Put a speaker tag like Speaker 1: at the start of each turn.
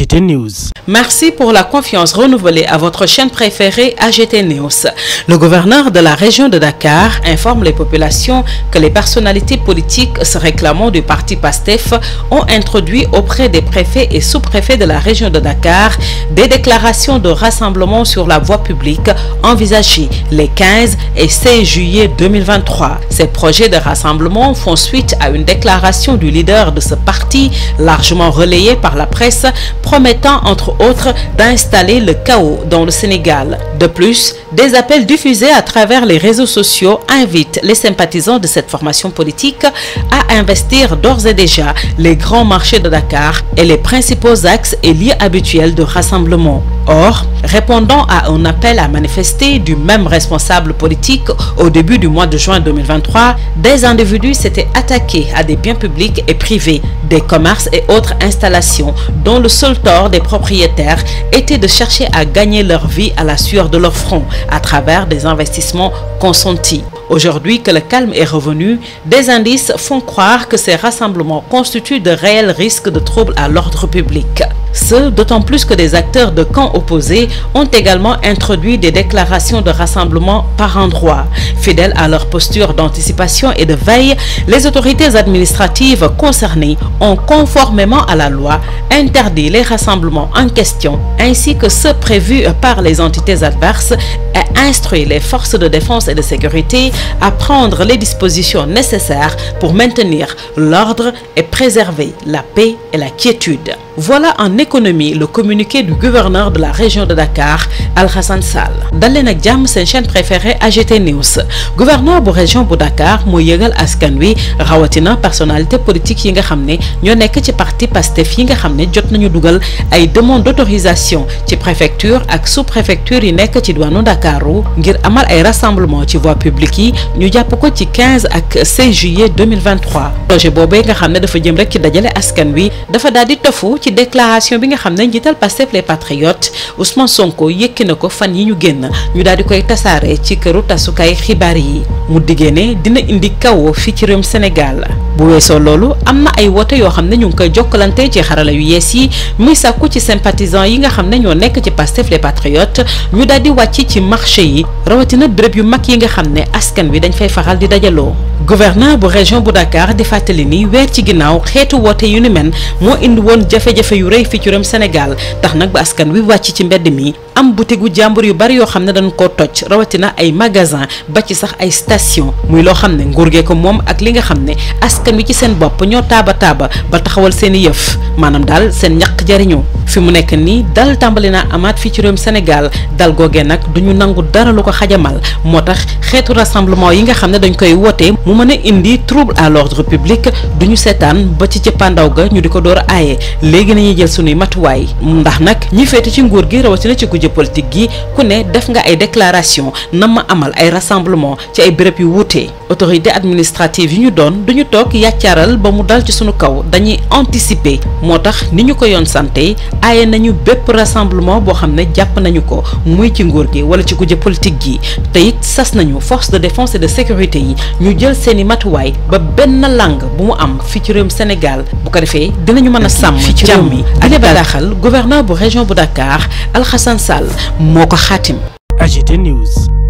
Speaker 1: AGT News. Merci pour la confiance renouvelée à votre chaîne préférée AGT News. Le gouverneur de la région de Dakar informe les populations que les personnalités politiques se réclamant du parti PASTEF ont introduit auprès des préfets et sous-préfets de la région de Dakar des déclarations de rassemblement sur la voie publique envisagées les 15 et 16 juillet Ces projets de rassemblement font suite à une déclaration du leader de ce parti largement relayée par la presse promettant entre autres d'installer le chaos dans le Sénégal. De plus, des appels diffusés à travers les réseaux sociaux invitent les sympathisants de cette formation politique à investir d'ores et déjà les grands marchés de Dakar et les principaux axes et lieux habituels de rassemblement. Or, répondant à un appel à manifester du même responsable politique au début du mois de juin 2023, des individus s'étaient attaqués à des biens publics et privés, des commerces et autres installations seul tort des propriétaires était de chercher à gagner leur vie à la sueur de leur front à travers des investissements consentis. Aujourd'hui que le calme est revenu, des indices font croire que ces rassemblements constituent de réels risques de troubles à l'ordre public. Ce, d'autant plus que des acteurs de camps opposés ont également introduit des déclarations de rassemblement par endroits. Fidèles à leur posture d'anticipation et de veille, les autorités administratives concernées ont conformément à la loi interdit les rassemblements en question ainsi que ceux prévus par les entités adverses et instruit les forces de défense et de sécurité à prendre les dispositions nécessaires pour maintenir l'ordre et préserver la paix et la quiétude. l'économie le communiqué du gouverneur de la région de Dakar Alhassane Sall dal leen ak jàmm seen chaîne préférée AGT News gouverneur bu région bu Dakar moo yëgal askan wi rawatina personnalité politique yi nga xam ne ñoo nekk ci parti Pastef yi nga xam ne jot nañu dugal ay demande d'autorisation ci préfecture ak sous yi nekk ci diwaanu ndakaaru ngir amal ay rassemblement ci voie publique yi ñu jàpp ko ci 15 ak 16 juillet 2023 projet boobee nga xam ne dafa jëm rek ci dajale askan wi déclaration bi nga xam ne njiital Pastef les patriotes Ousmane Sonko yëkki na ko fan yi ñu génn ñu daal di koy tasaare ci këru tasukaay xibaar yi mu diggée ne dina indi kawo fii ci réewum Sénégal bu weesoo loolu am na ay woote yoo xam ne ñu ngi koy jokkalante ci xarala yu yees yi muy sàkku ci seen sympathisants yi nga xam ne ñoo nekk ci Pastef les patriotes ñu daal di wàcc ci marché yi rawatina dërëb yu mag yi nga xam ne askan bi dañ fay faxal di dajaloo gouverneur bu région bu Dakar di fàttali ni weer ci ginnaaw xeetu woote yu ni men moo indi woon jafe culture am Sénégal tax nag ba askan wi wàcc ci mbedd mi am boutique gu jàmbur yu bari yoo xam ne dañ koo toj rawatina ay magasin ba ci sax ay station muy loo xam ne nguur gee ko moom ak li nga xam ne askan bi ci seen bopp ñoo taaba taaba ba taxawal seen i yëf maanaam daal seen ñaq jariñoo fi mu nekk nii dal tàmbali naa amaat fii ci réewum Sénégal dal googee nag duñu nangu dara lu ko xajamal moo tax xeetu rassemblement yi nga xam ne dañ koy wootee mu mën a indi trouble à l'ordre public duñu seetaan ba ci cëppaandaw ga ñu di ko door a aaye léegi nañuy jël sunuy matuwaay ndax kujje politique gi ku ne def nga ay déclaration na ma amal ay rassemblement ci ay béréb yu wuute autorité administrative yi ñu doon duñu toog yàccaaral ba mu dal ci suñu kaw dañuy anticiper moo tax ni ñu ko yoon santé nañu bépp rassemblement boo xam ne jàpp nañu ko muy ci nguur gi wala ci kujje politique gi tey sas nañu force de défense et de sécurité yi ñu jël seeni matuwaay ba benn langue bu mu am fii ci réewum Sénégal bu ko defee dinañu mën a sàmm jàmm yi ak bataaxal gouverneur bu région bu Dakar Alhassane Sall moo ko xaatim AGT News